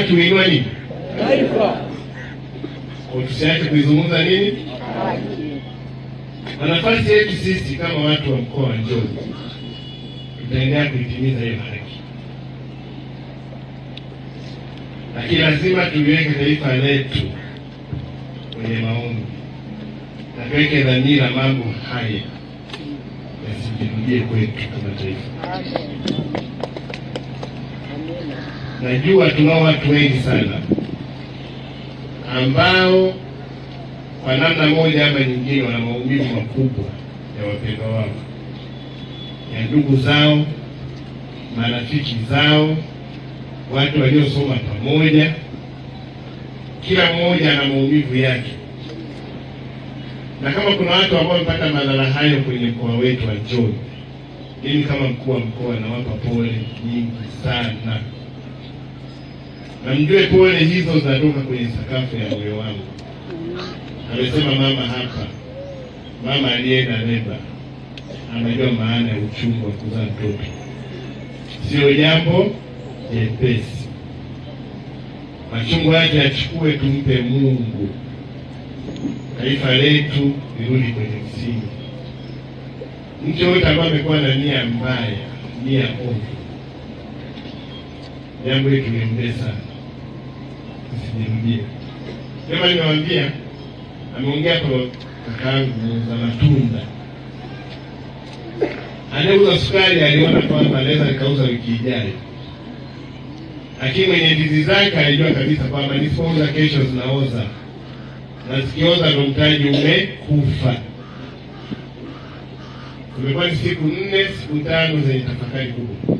maana tumeinua nini? Taifa. Kwa tusiache kuizungumza nini? Na nafasi yetu sisi kama watu wa mkoa wa njozi tutaendelea kuitimiza hiyo haki, lakini lazima tuliweke taifa letu kwenye maombi na tuweke dhamira mambo haya yasijirudie kwetu kama taifa najua tunao watu wengi sana ambao kwa namna moja ama nyingine wana maumivu makubwa ya wapendwa wao, ya ndugu zao, marafiki zao, watu waliosoma pamoja. Kila mmoja ana maumivu yake, na kama kuna watu ambao wamepata madhara hayo kwenye mkoa wetu wa Njombe, mimi kama mkuu wa mkoa nawapa pole nyingi sana na mjue pole hizo zinatoka kwenye sakafu ya moyo wangu. Amesema mama hapa, mama aliyeenda leba anajua maana ya uchungu wa kuzaa mtoto, sio jambo jepesi. Machungu yake achukue, tumpe Mungu. Taifa letu lirudi kwenye msingi. Mtu yoyote ambaye amekuwa na nia mbaya, nia ovu, jambo hili tulimbee sana kusimulia. Kama nimewambia, ameongea hapo kakaangu za matunda, anauza sukari, aliona kwamba anaweza nikauza wiki ijayo, lakini mwenye ndizi zake alijua kabisa kwamba nisipouza kesho zinaoza, na zikioza ndo mtaji umekufa. Tumekuwa ni siku nne siku tano zenye tafakari kubwa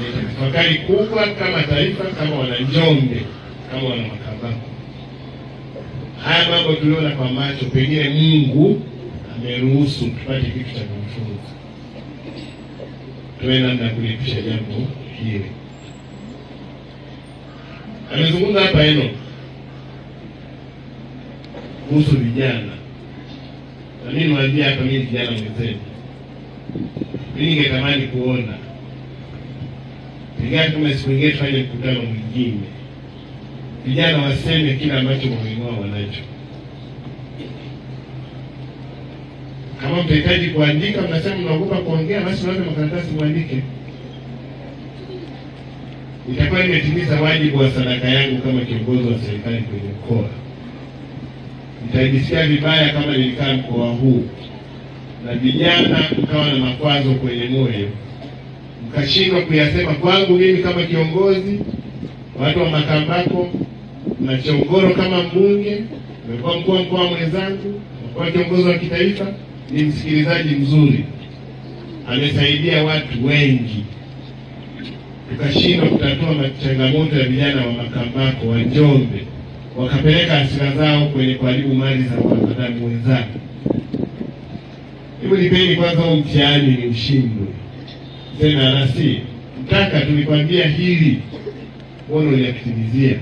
wakali tafakari kubwa kama taifa, kama wananjonge, kama wana Makambako. Haya mambo tuliona kwa macho, pengine Mungu ameruhusu tupate kitu cha kujifunza, tuwe namna ya kulipisha jambo hili. Amezungumza hapa eno kuhusu vijana, na mimi niwaambia hapa, mimi vijana mwenzenu, mimi ningetamani kuona ingawa kama siku nyingine tufanye mkutano mwingine, vijana waseme kila ambacho moyoni wao wanacho. Kama mtahitaji kuandika, mnasema mnaogopa kuongea, basi wape makaratasi mwandike. Itakuwa nimetimiza wajibu wa sadaka yangu kama kiongozi wa serikali kwenye mkoa. Nitajisikia vibaya kama nilikaa mkoa huu na vijana mkawa na makwazo kwenye moyo mkashindwa kuyasema. Kwangu mimi kama kiongozi, watu wa Makambako na Chongoro kama mbunge, nimekuwa mkuu wa mkoa mwenzangu, nimekuwa kiongozi wa kitaifa, ni msikilizaji mzuri, amesaidia watu wengi, tukashindwa kutatua changamoto ya vijana wa Makambako wa Njombe, wakapeleka hasira zao kwenye kuharibu mali za wanadamu wenzangu Hebu nipeni kwanza huu mtihani ni ushindwe tena rasi mtaka, tulikwambia hili, mbona uliakitimizia?